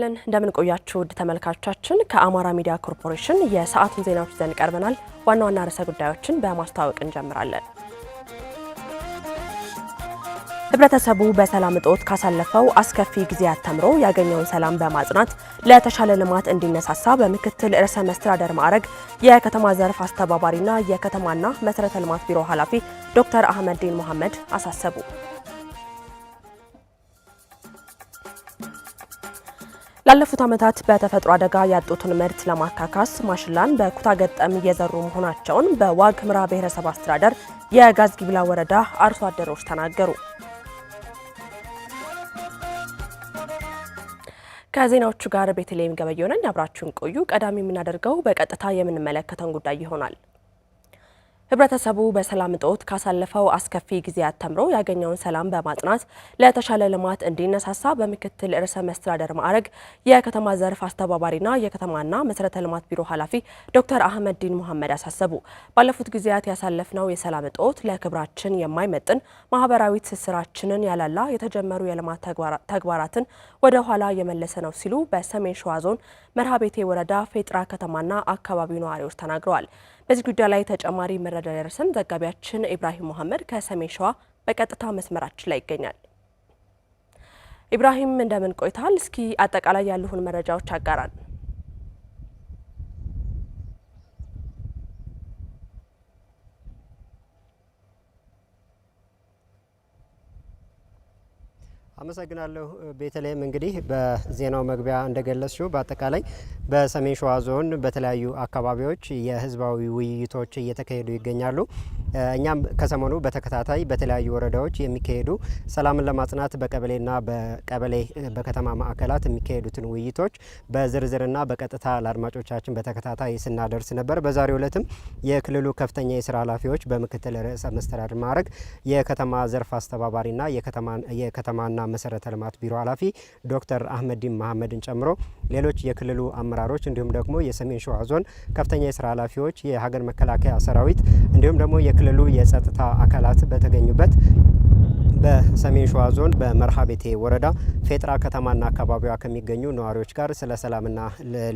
ይስጥልን እንደምን ቆያችሁ ውድ ተመልካቾቻችን። ከአማራ ሚዲያ ኮርፖሬሽን የሰዓቱን ዜናዎች ይዘን ቀርበናል። ዋና ዋና ርዕሰ ጉዳዮችን በማስተዋወቅ እንጀምራለን። ህብረተሰቡ በሰላም እጦት ካሳለፈው አስከፊ ጊዜያት ተምሮ ያገኘውን ሰላም በማጽናት ለተሻለ ልማት እንዲነሳሳ በምክትል ርዕሰ መስተዳደር ማዕረግ የከተማ ዘርፍ አስተባባሪና የከተማና መሰረተ ልማት ቢሮ ኃላፊ ዶክተር አህመድዲን መሐመድ አሳሰቡ። ላለፉት ዓመታት በተፈጥሮ አደጋ ያጡትን ምርት ለማካካስ ማሽላን በኩታ ገጠም እየዘሩ መሆናቸውን በዋግ ኽምራ ብሔረሰብ አስተዳደር የጋዝ ጊብላ ወረዳ አርሶ አደሮች ተናገሩ። ከዜናዎቹ ጋር ቤተልሔም ገበየሁ ነኝ። አብራችሁን ቆዩ። ቀዳሚ የምናደርገው በቀጥታ የምንመለከተውን ጉዳይ ይሆናል። ህብረተሰቡ በሰላም እጦት ካሳለፈው አስከፊ ጊዜያት ተምሮ ያገኘውን ሰላም በማጽናት ለተሻለ ልማት እንዲነሳሳ በምክትል ርዕሰ መስተዳደር ማዕረግ የከተማ ዘርፍ አስተባባሪና የከተማና መሰረተ ልማት ቢሮ ኃላፊ ዶክተር ዲን ሙሐመድ አሳሰቡ። ባለፉት ጊዜያት ያሳለፍነው የሰላም እጦት ለክብራችን የማይመጥን ማህበራዊ ትስስራችንን ያላላ፣ የተጀመሩ የልማት ተግባራትን ወደ ኋላ የመለሰ ነው ሲሉ በሰሜን ሸዋ ዞን መርሃቤቴ ወረዳ ፌጥራ ከተማና አካባቢው ነዋሪዎች ተናግረዋል። በዚህ ጉዳይ ላይ ተጨማሪ መረጃ ደረሰን ዘጋቢያችን ኢብራሂም መሐመድ ከሰሜን ሸዋ በቀጥታ መስመራችን ላይ ይገኛል። ኢብራሂም እንደምን ቆይታል? እስኪ አጠቃላይ ያለሁን መረጃዎች አጋራል። አመሰግናለሁ ቤተልሔም። እንግዲህ በዜናው መግቢያ እንደገለጽሽው በአጠቃላይ በሰሜን ሸዋ ዞን በተለያዩ አካባቢዎች የህዝባዊ ውይይቶች እየተካሄዱ ይገኛሉ። እኛም ከሰሞኑ በተከታታይ በተለያዩ ወረዳዎች የሚካሄዱ ሰላምን ለማጽናት በቀበሌና በቀበሌ በከተማ ማዕከላት የሚካሄዱትን ውይይቶች በዝርዝርና በቀጥታ ለአድማጮቻችን በተከታታይ ስናደርስ ነበር። በዛሬው ዕለትም የክልሉ ከፍተኛ የስራ ኃላፊዎች በምክትል ርዕሰ መስተዳድር ማዕረግ የከተማ ዘርፍ አስተባባሪና የከተማና መሰረተ ልማት ቢሮ ኃላፊ ዶክተር አህመዲን መሐመድን ጨምሮ ሌሎች የክልሉ አመራሮች እንዲሁም ደግሞ የሰሜን ሸዋ ዞን ከፍተኛ የስራ ኃላፊዎች፣ የሀገር መከላከያ ሰራዊት እንዲሁም ደግሞ የክልሉ የጸጥታ አካላት በተገኙበት በሰሜን ሸዋ ዞን በመርሃ ቤቴ ወረዳ ፌጥራ ከተማና አካባቢዋ ከሚገኙ ነዋሪዎች ጋር ስለ ሰላምና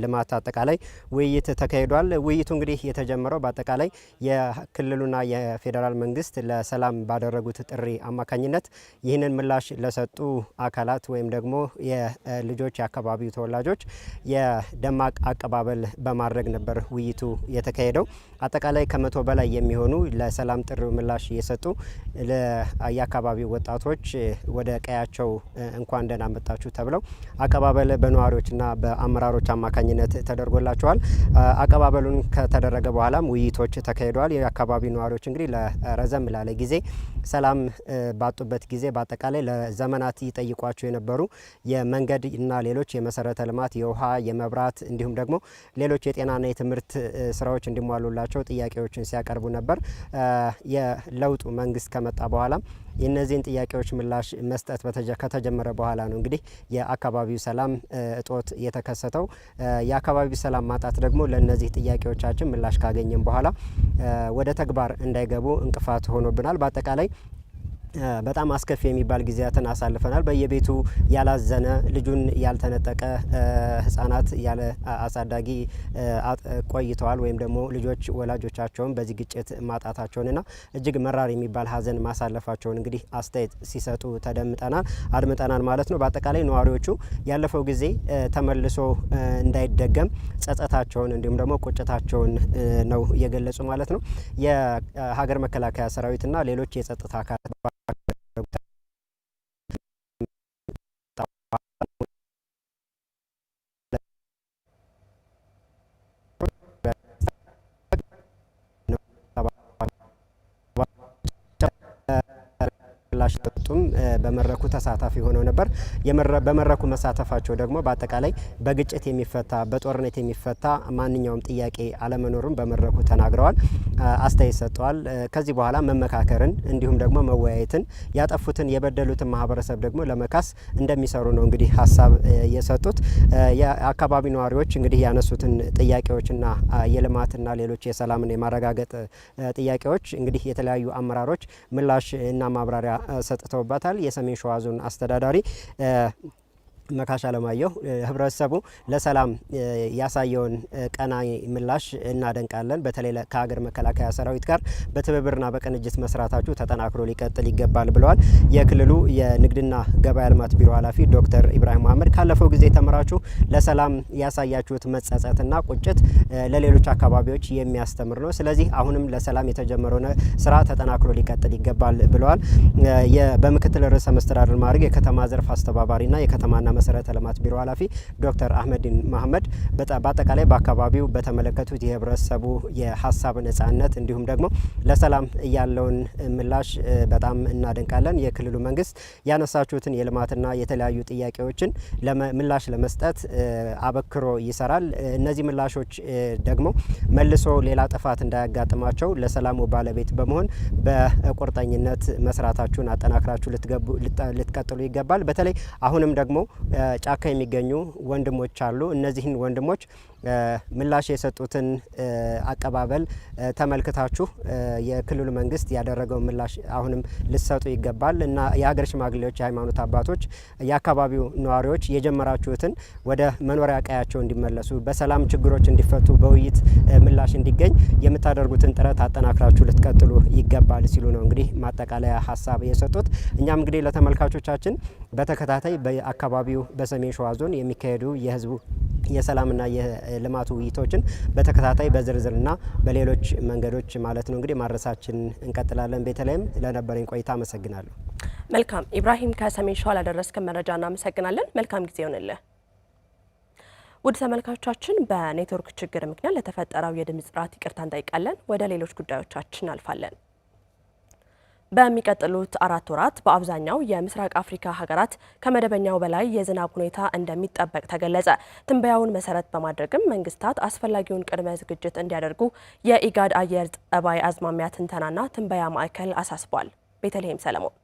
ልማት አጠቃላይ ውይይት ተካሂዷል። ውይይቱ እንግዲህ የተጀመረው በአጠቃላይ የክልሉና የፌዴራል መንግስት ለሰላም ባደረጉት ጥሪ አማካኝነት ይህንን ምላሽ ለሰጡ አካላት ወይም ደግሞ የልጆች የአካባቢው ተወላጆች የደማቅ አቀባበል በማድረግ ነበር ውይይቱ የተካሄደው። አጠቃላይ ከመቶ በላይ የሚሆኑ ለሰላም ጥሪው ምላሽ እየሰጡ የአካባቢው ወጣቶች ወደ ቀያቸው እንኳን ደህና መጣችሁ ተብለው አቀባበል በነዋሪዎችና በአመራሮች አማካኝነት ተደርጎላቸዋል። አቀባበሉን ከተደረገ በኋላም ውይይቶች ተካሂደዋል። የአካባቢ ነዋሪዎች እንግዲህ ለረዘም ላለ ጊዜ ሰላም ባጡበት ጊዜ በአጠቃላይ ለዘመናት ይጠይቋቸው የነበሩ የመንገድ እና ሌሎች የመሰረተ ልማት የውሃ፣ የመብራት እንዲሁም ደግሞ ሌሎች የጤናና የትምህርት ስራዎች እንዲሟሉላቸው ያላቸው ጥያቄዎችን ሲያቀርቡ ነበር። የለውጡ መንግስት ከመጣ በኋላ የእነዚህን ጥያቄዎች ምላሽ መስጠት ከተጀመረ በኋላ ነው እንግዲህ የአካባቢው ሰላም እጦት የተከሰተው። የአካባቢው ሰላም ማጣት ደግሞ ለእነዚህ ጥያቄዎቻችን ምላሽ ካገኘም በኋላ ወደ ተግባር እንዳይገቡ እንቅፋት ሆኖብናል። በአጠቃላይ በጣም አስከፊ የሚባል ጊዜያትን አሳልፈናል። በየቤቱ ያላዘነ ልጁን ያልተነጠቀ ህጻናት ያለ አሳዳጊ ቆይተዋል ወይም ደግሞ ልጆች ወላጆቻቸውን በዚህ ግጭት ማጣታቸውንና እጅግ መራር የሚባል ሀዘን ማሳለፋቸውን እንግዲህ አስተያየት ሲሰጡ ተደምጠናል አድምጠናል ማለት ነው። በአጠቃላይ ነዋሪዎቹ ያለፈው ጊዜ ተመልሶ እንዳይደገም ጸጸታቸውን እንዲሁም ደግሞ ቁጭታቸውን ነው የገለጹ ማለት ነው። የሀገር መከላከያ ሰራዊትና ሌሎች የጸጥታ አካላት በመድረኩ ተሳታፊ ሆነው ነበር። በመድረኩ መሳተፋቸው ደግሞ በአጠቃላይ በግጭት የሚፈታ በጦርነት የሚፈታ ማንኛውም ጥያቄ አለመኖሩን በመድረኩ ተናግረዋል። አስተያየት ሰጥተዋል። ከዚህ በኋላ መመካከርን እንዲሁም ደግሞ መወያየትን ያጠፉትን የበደሉትን ማህበረሰብ ደግሞ ለመካስ እንደሚሰሩ ነው እንግዲህ ሀሳብ የሰጡት የአካባቢ ነዋሪዎች እንግዲህ ያነሱትን ጥያቄዎችና የልማትና ሌሎች የሰላምን የማረጋገጥ ጥያቄዎች እንግዲህ የተለያዩ አመራሮች ምላሽ እና ማብራሪያ ሰጥተውባታል። የሰሜን ሸዋ ዞን አስተዳዳሪ መካሽ አለማየሁ ህብረተሰቡ ለሰላም ያሳየውን ቀና ምላሽ እናደንቃለን። በተለይ ከሀገር መከላከያ ሰራዊት ጋር በትብብርና በቅንጅት መስራታችሁ ተጠናክሮ ሊቀጥል ይገባል ብለዋል። የክልሉ የንግድና ገበያ ልማት ቢሮ ኃላፊ ዶክተር ኢብራሂም መሀመድ ካለፈው ጊዜ ተምራችሁ ለሰላም ያሳያችሁት መጸጸትና ቁጭት ለሌሎች አካባቢዎች የሚያስተምር ነው። ስለዚህ አሁንም ለሰላም የተጀመረው ስራ ተጠናክሮ ሊቀጥል ይገባል ብለዋል። በምክትል ርዕሰ መስተዳድር ማድረግ የከተማ ዘርፍ አስተባባሪና የከተማና መሰረተ ልማት ቢሮ ኃላፊ ዶክተር አህመዲን መሀመድ በአጠቃላይ በአካባቢው በተመለከቱት የህብረተሰቡ የሀሳብ ነጻነት እንዲሁም ደግሞ ለሰላም ያለውን ምላሽ በጣም እናደንቃለን። የክልሉ መንግስት ያነሳችሁትን የልማትና የተለያዩ ጥያቄዎችን ምላሽ ለመስጠት አበክሮ ይሰራል። እነዚህ ምላሾች ደግሞ መልሶ ሌላ ጥፋት እንዳያጋጥማቸው ለሰላሙ ባለቤት በመሆን በቁርጠኝነት መስራታችሁን አጠናክራችሁ ልትቀጥሉ ይገባል። በተለይ አሁንም ደግሞ ጫካ የሚገኙ ወንድሞች አሉ። እነዚህን ወንድሞች ምላሽ የሰጡትን አቀባበል ተመልክታችሁ የክልሉ መንግስት ያደረገውን ምላሽ አሁንም ልትሰጡ ይገባል እና የሀገር ሽማግሌዎች፣ የሃይማኖት አባቶች፣ የአካባቢው ነዋሪዎች የጀመራችሁትን ወደ መኖሪያ ቀያቸው እንዲመለሱ በሰላም ችግሮች እንዲፈቱ በውይይት ምላሽ እንዲገኝ የምታደርጉትን ጥረት አጠናክራችሁ ልትቀጥሉ ይገባል ሲሉ ነው እንግዲህ ማጠቃለያ ሀሳብ የሰጡት። እኛም እንግዲህ ለተመልካቾቻችን በተከታታይ በአካባቢው በሰሜን ሸዋ ዞን የሚካሄዱ የህዝቡ የሰላምና የልማቱ ውይይቶችን በተከታታይ በዝርዝርና በሌሎች መንገዶች ማለት ነው እንግዲህ ማድረሳችን እንቀጥላለን። በተለይም ለነበረኝ ቆይታ አመሰግናለሁ። መልካም ኢብራሂም፣ ከሰሜን ሸዋ ላደረስከን መረጃ እናመሰግናለን። መልካም ጊዜ ይሆንልህ። ውድ ተመልካቾቻችን በኔትወርክ ችግር ምክንያት ለተፈጠረው የድምፅ ጥራት ይቅርታ እንጠይቃለን። ወደ ሌሎች ጉዳዮቻችን አልፋለን። በሚቀጥሉት አራት ወራት በአብዛኛው የምስራቅ አፍሪካ ሀገራት ከመደበኛው በላይ የዝናብ ሁኔታ እንደሚጠበቅ ተገለጸ። ትንበያውን መሰረት በማድረግም መንግስታት አስፈላጊውን ቅድመ ዝግጅት እንዲያደርጉ የኢጋድ አየር ጠባይ አዝማሚያ ትንተናና ትንበያ ማዕከል አሳስቧል። ቤተልሔም ሰለሞን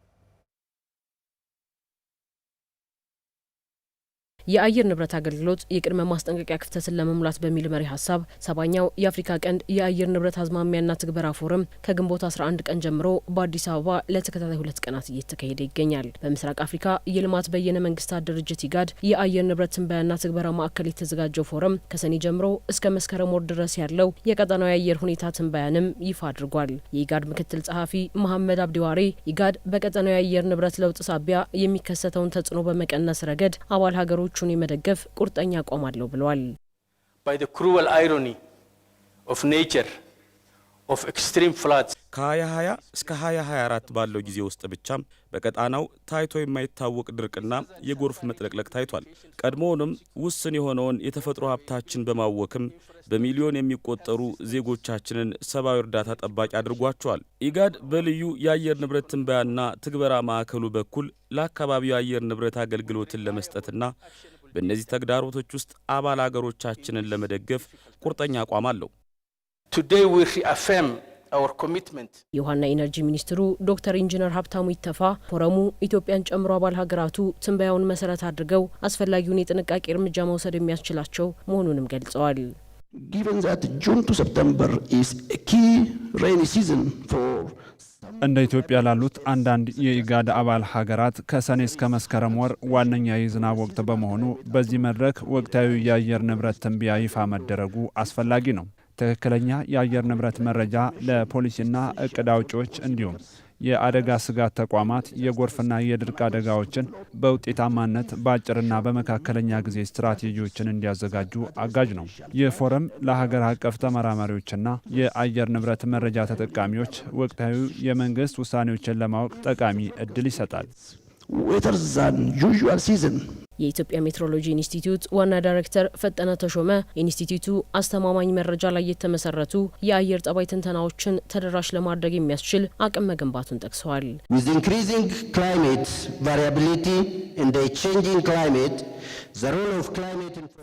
የአየር ንብረት አገልግሎት የቅድመ ማስጠንቀቂያ ክፍተትን ለመሙላት በሚል መሪ ሀሳብ ሰባኛው የአፍሪካ ቀንድ የአየር ንብረት አዝማሚያና ትግበራ ፎረም ከግንቦት 11 ቀን ጀምሮ በአዲስ አበባ ለተከታታይ ሁለት ቀናት እየተካሄደ ይገኛል። በምስራቅ አፍሪካ የልማት በየነ መንግስታት ድርጅት ኢጋድ የአየር ንብረት ትንበያና ትግበራ ማዕከል የተዘጋጀው ፎረም ከሰኔ ጀምሮ እስከ መስከረም ወር ድረስ ያለው የቀጠናው የአየር ሁኔታ ትንበያንም ይፋ አድርጓል። የኢጋድ ምክትል ጸሐፊ መሐመድ አብዲዋሬ ኢጋድ በቀጠናው የአየር ንብረት ለውጥ ሳቢያ የሚከሰተውን ተጽዕኖ በመቀነስ ረገድ አባል ሀገሮች። ተጫዋቾቹን የመደገፍ ቁርጠኛ አቋም አለው ብለዋል። ከ2020 እስከ 2024 ባለው ጊዜ ውስጥ ብቻ በቀጣናው ታይቶ የማይታወቅ ድርቅና የጎርፍ መጥለቅለቅ ታይቷል። ቀድሞውንም ውስን የሆነውን የተፈጥሮ ሀብታችን በማወክም በሚሊዮን የሚቆጠሩ ዜጎቻችንን ሰብአዊ እርዳታ ጠባቂ አድርጓቸዋል። ኢጋድ በልዩ የአየር ንብረት ትንበያና ትግበራ ማዕከሉ በኩል ለአካባቢው የአየር ንብረት አገልግሎትን ለመስጠትና በእነዚህ ተግዳሮቶች ውስጥ አባል አገሮቻችንን ለመደገፍ ቁርጠኛ አቋም አለው። የውሃና ኢነርጂ ሚኒስትሩ ዶክተር ኢንጂነር ሀብታሙ ይተፋ ፎረሙ ኢትዮጵያን ጨምሮ አባል ሀገራቱ ትንበያውን መሰረት አድርገው አስፈላጊውን የጥንቃቄ እርምጃ መውሰድ የሚያስችላቸው መሆኑንም ገልጸዋል። እንደ ኢትዮጵያ ላሉት አንዳንድ የኢጋድ አባል ሀገራት ከሰኔ እስከ መስከረም ወር ዋነኛ የዝናብ ወቅት በመሆኑ በዚህ መድረክ ወቅታዊ የአየር ንብረት ትንቢያ ይፋ መደረጉ አስፈላጊ ነው። ትክክለኛ የአየር ንብረት መረጃ ለፖሊሲና እቅድ አውጪዎች እንዲሁም የአደጋ ስጋት ተቋማት የጎርፍና የድርቅ አደጋዎችን በውጤታማነት በአጭርና በመካከለኛ ጊዜ ስትራቴጂዎችን እንዲያዘጋጁ አጋዥ ነው። ይህ ፎረም ለሀገር አቀፍ ተመራማሪዎችና የአየር ንብረት መረጃ ተጠቃሚዎች ወቅታዊ የመንግስት ውሳኔዎችን ለማወቅ ጠቃሚ እድል ይሰጣል። ዌተር ዛን ዩዥዋል ሲዝን የኢትዮጵያ ሜትሮሎጂ ኢንስቲትዩት ዋና ዳይሬክተር ፈጠነ ተሾመ ኢንስቲትዩቱ አስተማማኝ መረጃ ላይ የተመሰረቱ የአየር ጠባይ ትንተናዎችን ተደራሽ ለማድረግ የሚያስችል አቅም መገንባቱን ጠቅሰዋል።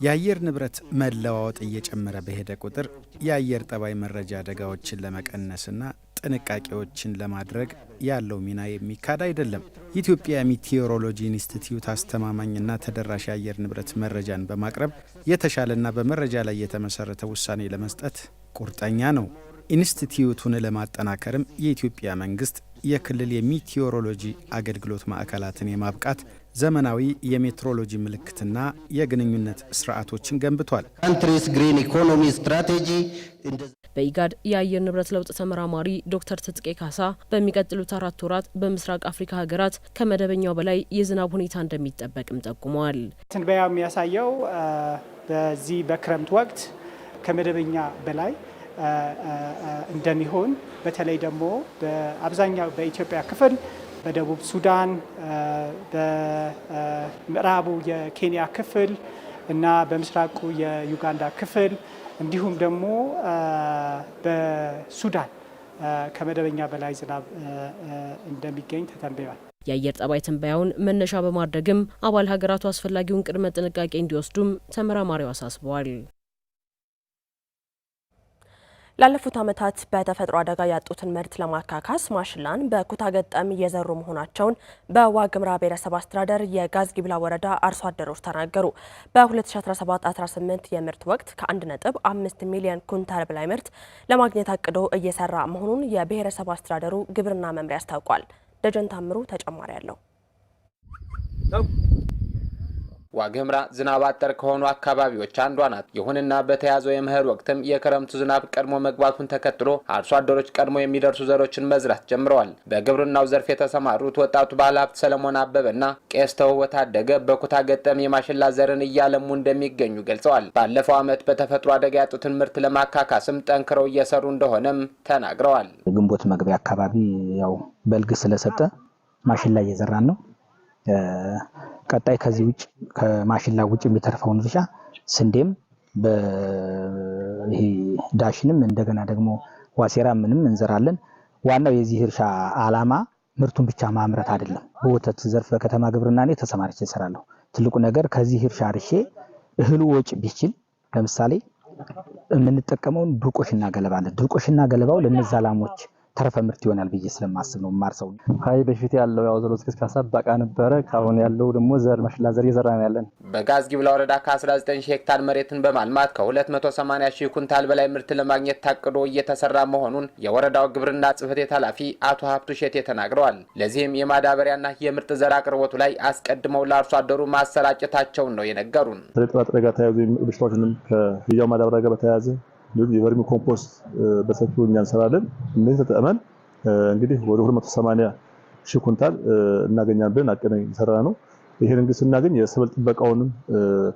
የአየር ንብረት መለዋወጥ እየጨመረ በሄደ ቁጥር የአየር ጠባይ መረጃ አደጋዎችን ለመቀነስና ጥንቃቄዎችን ለማድረግ ያለው ሚና የሚካድ አይደለም። የኢትዮጵያ ሚቴዎሮሎጂ ኢንስቲትዩት አስተማማኝና ተደራሽ የአየር ንብረት መረጃን በማቅረብ የተሻለና በመረጃ ላይ የተመሰረተ ውሳኔ ለመስጠት ቁርጠኛ ነው። ኢንስቲትዩቱን ለማጠናከርም የኢትዮጵያ መንግስት የክልል የሚቴዎሮሎጂ አገልግሎት ማዕከላትን የማብቃት ዘመናዊ የሜትሮሎጂ ምልክትና የግንኙነት ስርዓቶችን ገንብቷል። በኢጋድ የአየር ንብረት ለውጥ ተመራማሪ ዶክተር ትጥቄ ካሳ በሚቀጥሉት አራት ወራት በምስራቅ አፍሪካ ሀገራት ከመደበኛው በላይ የዝናብ ሁኔታ እንደሚጠበቅም ጠቁመዋል። ትንበያው የሚያሳየው በዚህ በክረምት ወቅት ከመደበኛ በላይ እንደሚሆን በተለይ ደግሞ በአብዛኛው በኢትዮጵያ ክፍል በደቡብ ሱዳን፣ በምዕራቡ የኬንያ ክፍል እና በምስራቁ የዩጋንዳ ክፍል እንዲሁም ደግሞ በሱዳን ከመደበኛ በላይ ዝናብ እንደሚገኝ ተተንብያል። የአየር ጠባይ ትንበያውን መነሻ በማድረግም አባል ሀገራቱ አስፈላጊውን ቅድመ ጥንቃቄ እንዲወስዱም ተመራማሪው አሳስበዋል። ላለፉት ዓመታት በተፈጥሮ አደጋ ያጡትን ምርት ለማካካስ ማሽላን በኩታ ገጠም እየዘሩ መሆናቸውን በዋግምራ ብሔረሰብ አስተዳደር የጋዝ ጊብላ ወረዳ አርሶ አደሮች ተናገሩ። በ2017/18 የምርት ወቅት ከ1.5 ሚሊዮን ኩንታል በላይ ምርት ለማግኘት አቅዶ እየሰራ መሆኑን የብሔረሰብ አስተዳደሩ ግብርና መምሪያ አስታውቋል። ደጀን ታምሩ ተጨማሪ አለው። ዋግምራ ዝናብ አጠር ከሆኑ አካባቢዎች አንዷ ናት። ይሁንና በተያዘው የመኸር ወቅትም የክረምቱ ዝናብ ቀድሞ መግባቱን ተከትሎ አርሶ አደሮች ቀድሞ የሚደርሱ ዘሮችን መዝራት ጀምረዋል። በግብርናው ዘርፍ የተሰማሩት ወጣቱ ባለሀብት ሰለሞን አበበና ቄስ ተውቦት ታደገ በኩታ ገጠም የማሽላ ዘርን እያለሙ እንደሚገኙ ገልጸዋል። ባለፈው ዓመት በተፈጥሮ አደጋ ያጡትን ምርት ለማካካስም ጠንክረው እየሰሩ እንደሆነም ተናግረዋል። ግንቦት መግቢያ አካባቢ ያው በልግ ስለሰጠ ማሽላ እየዘራን ነው ቀጣይ ከዚህ ውጭ ከማሽላ ውጭ የሚተርፈውን እርሻ ስንዴም ይሄ ዳሽንም እንደገና ደግሞ ዋሴራ ምንም እንዘራለን። ዋናው የዚህ እርሻ አላማ ምርቱን ብቻ ማምረት አይደለም። በወተት ዘርፍ በከተማ ግብርና እኔ ተሰማርቼ እሰራለሁ። ትልቁ ነገር ከዚህ እርሻ እርሼ እህሉ ወጭ ቢችል ለምሳሌ የምንጠቀመውን ድርቆሽና ገለባ አለ። ድርቆሽና ገለባው ለነዛ ላሞች ተረፈ ምርት ይሆናል ብዬ ስለማስብ ነው የማርሰው። ሀይ በፊት ያለው ያው ዘሮ ዝቅስቃሳ በቃ ነበረ። ካሁን ያለው ደግሞ ዘር መሽላ ዘር እየዘራ ነው ያለን። በጋዝጊብላ ወረዳ ከ19 ሺህ ሄክታር መሬትን በማልማት ከ280 ሺህ ኩንታል በላይ ምርት ለማግኘት ታቅዶ እየተሰራ መሆኑን የወረዳው ግብርና ጽሕፈት ቤት ኃላፊ አቶ ሀብቱ ሸቴ ተናግረዋል። ለዚህም የማዳበሪያና የምርጥ ዘር አቅርቦቱ ላይ አስቀድመው ለአርሶ አደሩ ማሰራጨታቸውን ነው የነገሩን። ጥራጥሬ ጋር ተያይዞ በሽታዎችንም ከያው ማዳበሪያ ጋር በተያያዘ እንዲሁም የቨርሚ ኮምፖስት በሰፊው እኛ እንሰራለን። እነዚህ ተጠቅመን እንግዲህ ወደ 280 ሺህ ኩንታል እናገኛለን ብለን አቅደን እየሰራ ነው። ይሄን እንግዲህ ስናገኝ የሰብል ጥበቃውንም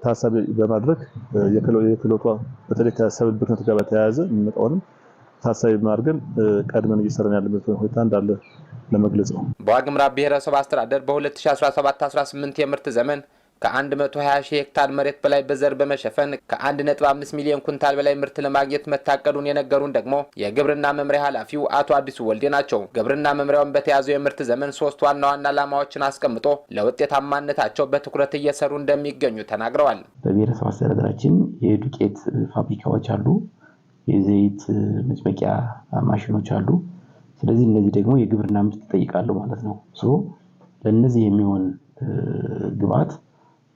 ታሳቢ በማድረግ የክሎቷ በተለይ ከሰብል ብክነት ጋር በተያያዘ የሚመጣውንም ታሳቢ አድርገን ቀድመን እየሰራን ያለበት ሁኔታ እንዳለ ለመግለጽ ነው። በዋግምራ ብሔረሰብ አስተዳደር በ2017/18 የምርት ዘመን ከ120 ሺህ ሄክታር መሬት በላይ በዘር በመሸፈን ከ1.5 ሚሊዮን ኩንታል በላይ ምርት ለማግኘት መታቀዱን የነገሩን ደግሞ የግብርና መምሪያ ኃላፊው አቶ አዲሱ ወልዴ ናቸው። ግብርና መምሪያውን በተያዘው የምርት ዘመን ሶስት ዋና ዋና ዓላማዎችን አስቀምጦ ለውጤታማነታቸው በትኩረት እየሰሩ እንደሚገኙ ተናግረዋል። በብሔረሰብ አስተዳደራችን የዱቄት ፋብሪካዎች አሉ፣ የዘይት መጭመቂያ ማሽኖች አሉ። ስለዚህ እነዚህ ደግሞ የግብርና ምርት ይጠይቃሉ ማለት ነው። ለእነዚህ የሚሆን ግብዓት።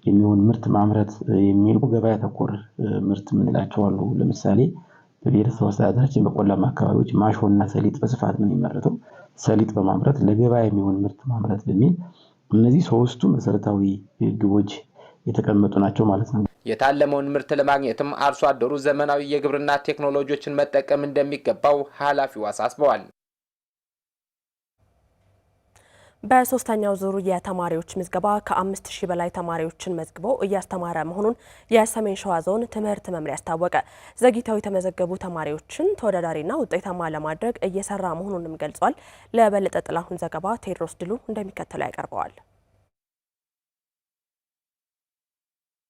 የሚሆን ምርት ማምረት የሚሉ ገበያ ተኮር ምርት የምንላቸው አሉ። ለምሳሌ በብሔረሰብ አስተዳደራችን በቆላማ አካባቢዎች ማሾና ሰሊጥ በስፋት ነው የሚመረተው። ሰሊጥ በማምረት ለገበያ የሚሆን ምርት ማምረት በሚል እነዚህ ሶስቱ መሰረታዊ ግቦች የተቀመጡ ናቸው ማለት ነው። የታለመውን ምርት ለማግኘትም አርሶ አደሩ ዘመናዊ የግብርና ቴክኖሎጂዎችን መጠቀም እንደሚገባው ኃላፊው አሳስበዋል። በሶስተኛው ዙሩ የተማሪዎች ምዝገባ ከአምስት ሺህ በላይ ተማሪዎችን መዝግቦ እያስተማረ መሆኑን የሰሜን ሸዋ ዞን ትምህርት መምሪያ አስታወቀ። ዘግይተው የተመዘገቡ ተማሪዎችን ተወዳዳሪና ውጤታማ ለማድረግ እየሰራ መሆኑንም ገልጿል። ለበለጠ ጥላሁን ዘገባ ቴድሮስ ድሉ እንደሚከተለው ያቀርበዋል።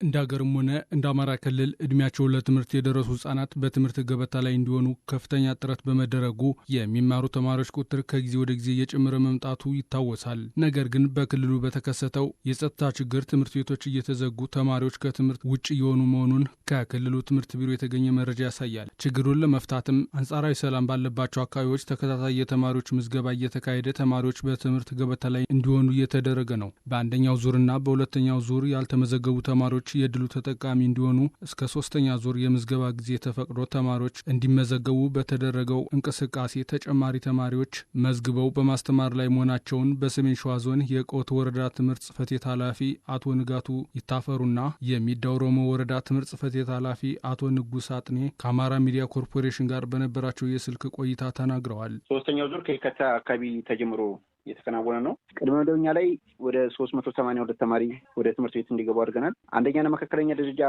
እንደ ሀገርም ሆነ እንደ አማራ ክልል እድሜያቸው ለትምህርት የደረሱ ህጻናት በትምህርት ገበታ ላይ እንዲሆኑ ከፍተኛ ጥረት በመደረጉ የሚማሩ ተማሪዎች ቁጥር ከጊዜ ወደ ጊዜ እየጨመረ መምጣቱ ይታወሳል። ነገር ግን በክልሉ በተከሰተው የጸጥታ ችግር ትምህርት ቤቶች እየተዘጉ ተማሪዎች ከትምህርት ውጭ እየሆኑ መሆኑን ከክልሉ ትምህርት ቢሮ የተገኘ መረጃ ያሳያል። ችግሩን ለመፍታትም አንጻራዊ ሰላም ባለባቸው አካባቢዎች ተከታታይ የተማሪዎች ምዝገባ እየተካሄደ ተማሪዎች በትምህርት ገበታ ላይ እንዲሆኑ እየተደረገ ነው። በአንደኛው ዙርና በሁለተኛው ዙር ያልተመዘገቡ ተማሪዎች ተማሪዎች የድሉ ተጠቃሚ እንዲሆኑ እስከ ሶስተኛ ዙር የምዝገባ ጊዜ ተፈቅዶ ተማሪዎች እንዲመዘገቡ በተደረገው እንቅስቃሴ ተጨማሪ ተማሪዎች መዝግበው በማስተማር ላይ መሆናቸውን በሰሜን ሸዋ ዞን የቆት ወረዳ ትምህርት ጽፈቴት ቤት ኃላፊ አቶ ንጋቱ ይታፈሩና የሚዳ ወረዳ ትምህርት ጽፈቴት ቤት ኃላፊ አቶ ንጉስ አጥኔ ከአማራ ሚዲያ ኮርፖሬሽን ጋር በነበራቸው የስልክ ቆይታ ተናግረዋል። ሶስተኛው ዙር ከልከታ አካባቢ ተጀምሮ እየተከናወነ ነው። ቅድመ መደበኛ ላይ ወደ ሶስት መቶ ሰማንያ ሁለት ተማሪ ወደ ትምህርት ቤት እንዲገቡ አድርገናል። አንደኛና መካከለኛ ደረጃ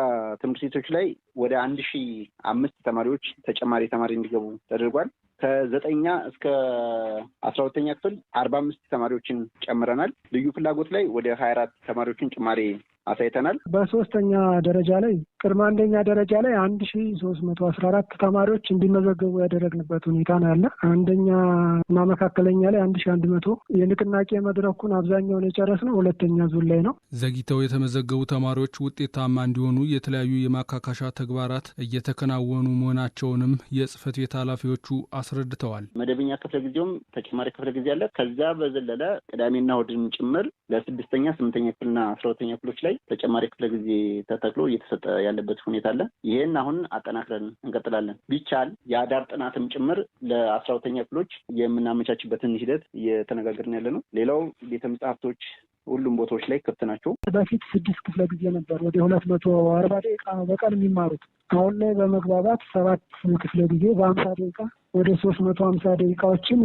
ትምህርት ቤቶች ላይ ወደ አንድ ሺ አምስት ተማሪዎች ተጨማሪ ተማሪ እንዲገቡ ተደርጓል። ከዘጠኛ እስከ አስራ ሁለተኛ ክፍል አርባ አምስት ተማሪዎችን ጨምረናል። ልዩ ፍላጎት ላይ ወደ ሀያ አራት ተማሪዎችን ጭማሪ አሳይተናል። በሶስተኛ ደረጃ ላይ ቅድመ አንደኛ ደረጃ ላይ አንድ ሺ ሶስት መቶ አስራ አራት ተማሪዎች እንዲመዘገቡ ያደረግንበት ሁኔታ ነው ያለ። አንደኛ እና መካከለኛ ላይ አንድ ሺ አንድ መቶ የንቅናቄ መድረኩን አብዛኛውን የጨረስነው ሁለተኛ ዙር ላይ ነው። ዘግይተው የተመዘገቡ ተማሪዎች ውጤታማ እንዲሆኑ የተለያዩ የማካካሻ ተግባራት እየተከናወኑ መሆናቸውንም የጽህፈት ቤት ኃላፊዎቹ አስረድተዋል። መደበኛ ክፍለ ጊዜውም ተጨማሪ ክፍለ ጊዜ አለ። ከዛ በዘለለ ቅዳሜና እሁድን ጭምር ለስድስተኛ ስምንተኛ ክፍልና አስራ ሁለተኛ ክፍሎች ላይ ተጨማሪ ክፍለ ጊዜ ተተክሎ እየተሰጠ ያለበት ሁኔታ አለ። ይህን አሁን አጠናክረን እንቀጥላለን። ቢቻል የአዳር ጥናትም ጭምር ለአስራ ሁለተኛ ክፍሎች የምናመቻችበትን ሂደት እየተነጋገርን ያለ ነው። ሌላው ቤተ መጽሐፍቶች ሁሉም ቦታዎች ላይ ክፍት ናቸው። በፊት ስድስት ክፍለ ጊዜ ነበር ወደ ሁለት መቶ አርባ ደቂቃ በቀን የሚማሩት አሁን ላይ በመግባባት ሰባት ክፍለ ጊዜ በአምሳ ደቂቃ ወደ ሶስት መቶ ሀምሳ ደቂቃዎችን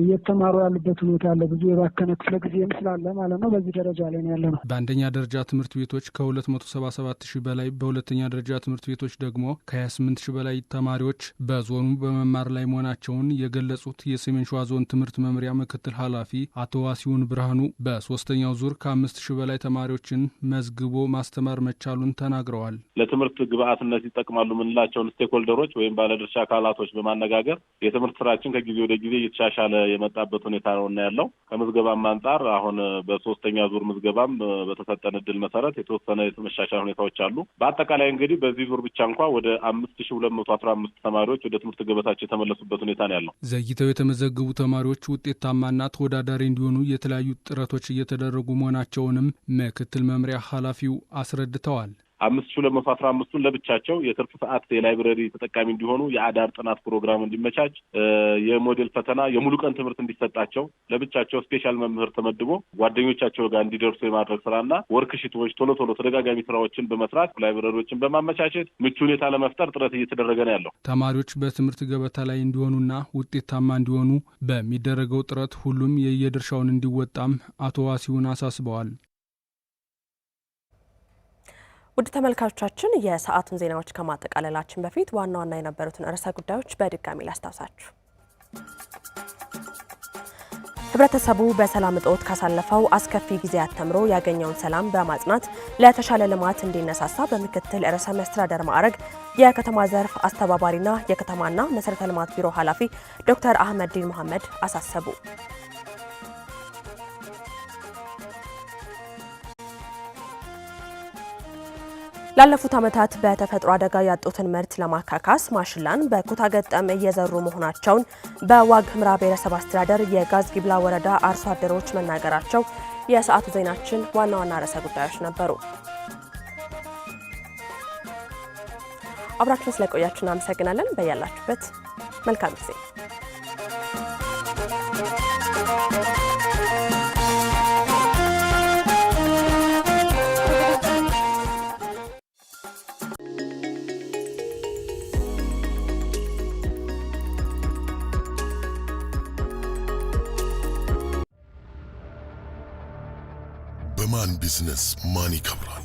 እየተማሩ ያሉበት ሁኔታ አለ። ብዙ የባከነ ክፍለ ጊዜም ስላለ ማለት ነው። በዚህ ደረጃ ላይ ነው ያለ ነው። በአንደኛ ደረጃ ትምህርት ቤቶች ከሁለት መቶ ሰባ ሰባት ሺህ በላይ በሁለተኛ ደረጃ ትምህርት ቤቶች ደግሞ ከሀያ ስምንት ሺህ በላይ ተማሪዎች በዞኑ በመማር ላይ መሆናቸውን የገለጹት የሰሜን ሸዋ ዞን ትምህርት መምሪያ ምክትል ኃላፊ አቶ ዋሲውን ብርሃኑ በሶስተኛው ዙር ከአምስት ሺህ በላይ ተማሪዎችን መዝግቦ ማስተማር መቻሉን ተናግረዋል። ለትምህርት ግብአትነት ይጠቅማሉ የምንላቸውን ስቴክሆልደሮች ወይም ባለድርሻ አካላቶች በማነጋገር የትምህርት ስራችን ከጊዜ ወደ ጊዜ እየተሻሻለ የመጣበት ሁኔታ ነው እና ያለው ከምዝገባም አንጻር አሁን በሶስተኛ ዙር ምዝገባም በተሰጠን እድል መሰረት የተወሰነ የመሻሻል ሁኔታዎች አሉ። በአጠቃላይ እንግዲህ በዚህ ዙር ብቻ እንኳ ወደ አምስት ሺህ ሁለት መቶ አስራ አምስት ተማሪዎች ወደ ትምህርት ገበታቸው የተመለሱበት ሁኔታ ነው ያለው። ዘግይተው የተመዘገቡ ተማሪዎች ውጤታማና ተወዳዳሪ እንዲሆኑ የተለያዩ ጥረቶች እየተደረጉ እያደረጉ መሆናቸውንም ምክትል መምሪያ ኃላፊው አስረድተዋል። አምስት ሺ ለመቶ አስራ አምስቱን ለብቻቸው የትርፍ ሰዓት የላይብረሪ ተጠቃሚ እንዲሆኑ የአዳር ጥናት ፕሮግራም እንዲመቻች፣ የሞዴል ፈተና የሙሉ ቀን ትምህርት እንዲሰጣቸው ለብቻቸው ስፔሻል መምህር ተመድቦ ጓደኞቻቸው ጋር እንዲደርሱ የማድረግ ስራና ወርክሽቶች ቶሎ ቶሎ ተደጋጋሚ ስራዎችን በመስራት ላይብረሪዎችን በማመቻቸት ምቹ ሁኔታ ለመፍጠር ጥረት እየተደረገ ነው ያለው። ተማሪዎች በትምህርት ገበታ ላይ እንዲሆኑና ውጤታማ እንዲሆኑ በሚደረገው ጥረት ሁሉም የየድርሻውን እንዲወጣም አቶ ዋሲውን አሳስበዋል። ውድ ተመልካቾቻችን የሰዓቱን ዜናዎች ከማጠቃለላችን በፊት ዋና ዋና የነበሩትን ርዕሰ ጉዳዮች በድጋሚ ላስታውሳችሁ። ህብረተሰቡ በሰላም እጦት ካሳለፈው አስከፊ ጊዜ አተምሮ ያገኘውን ሰላም በማጽናት ለተሻለ ልማት እንዲነሳሳ በምክትል ርዕሰ መስተዳደር ማዕረግ የከተማ ዘርፍ አስተባባሪና የከተማና መሠረተ ልማት ቢሮ ኃላፊ ዶክተር አህመድዲን መሐመድ አሳሰቡ። ላለፉት ዓመታት በተፈጥሮ አደጋ ያጡትን ምርት ለማካካስ ማሽላን በኩታ ገጠም እየዘሩ መሆናቸውን በዋግ ኽምራ ብሔረሰብ አስተዳደር የጋዝ ጊብላ ወረዳ አርሶ አደሮች መናገራቸው የሰዓቱ ዜናችን ዋና ዋና ርዕሰ ጉዳዮች ነበሩ። አብራችን ስለቆያችን አመሰግናለን። በያላችሁበት መልካም ጊዜ business money, c o v e r a